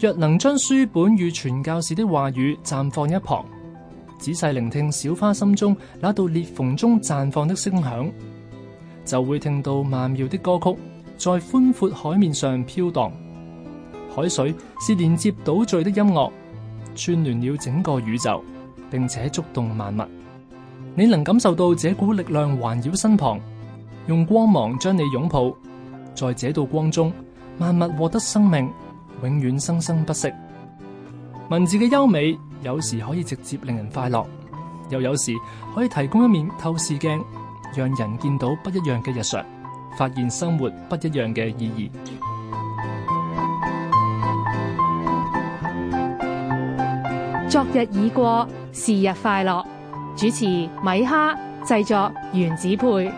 若能將書本與傳教士的話語暫放一旁，仔細聆聽小花心中那道裂縫中綻放的聲響，就會聽到曼妙的歌曲在寬闊海面上飄蕩。海水是連接島嶼的音樂，串聯了整個宇宙，並且觸動萬物。你能感受到這股力量環繞身旁，用光芒將你擁抱。在這道光中，萬物獲得生命。永遠生生不息。文字嘅優美，有時可以直接令人快樂，又有時可以提供一面透視鏡，讓人見到不一樣嘅日常，發現生活不一樣嘅意義。昨日已過，是日快樂。主持米哈，製作原子配。